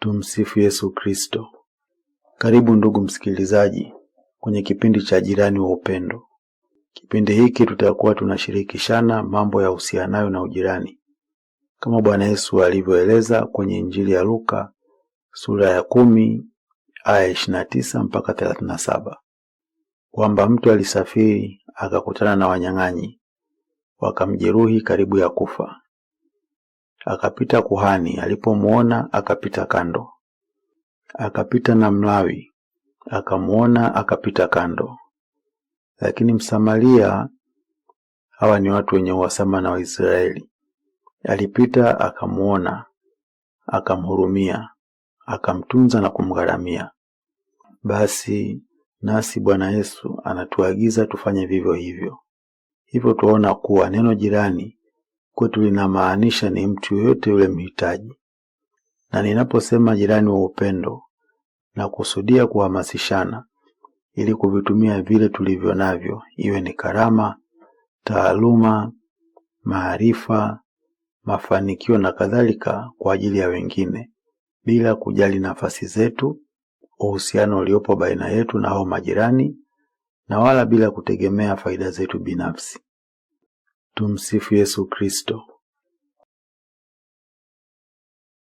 Tumsifu Yesu Kristo. Karibu ndugu msikilizaji kwenye kipindi cha Jirani wa Upendo. Kipindi hiki tutakuwa tunashirikishana mambo yahusianayo na ujirani kama Bwana Yesu alivyoeleza kwenye Injili ya Luka sura ya kumi aya ishirini na tisa mpaka thelathini na saba kwamba mtu alisafiri akakutana na wanyang'anyi wakamjeruhi karibu ya kufa, Akapita kuhani, alipomwona akapita kando. Akapita na Mlawi, akamwona akapita kando. Lakini Msamaria, hawa ni watu wenye uhasama na Waisraeli, alipita akamwona, akamhurumia, akamtunza na kumgharamia. Basi nasi Bwana Yesu anatuagiza tufanye vivyo hivyo. Hivyo tuona kuwa neno jirani kwetu linamaanisha ni mtu yoyote yule mhitaji, na ninaposema jirani wa upendo, na kusudia kuhamasishana ili kuvitumia vile tulivyo navyo, iwe ni karama, taaluma, maarifa, mafanikio na kadhalika, kwa ajili ya wengine bila kujali nafasi zetu, uhusiano uliopo baina yetu na hao majirani, na wala bila kutegemea faida zetu binafsi. Tumsifu Yesu Kristo.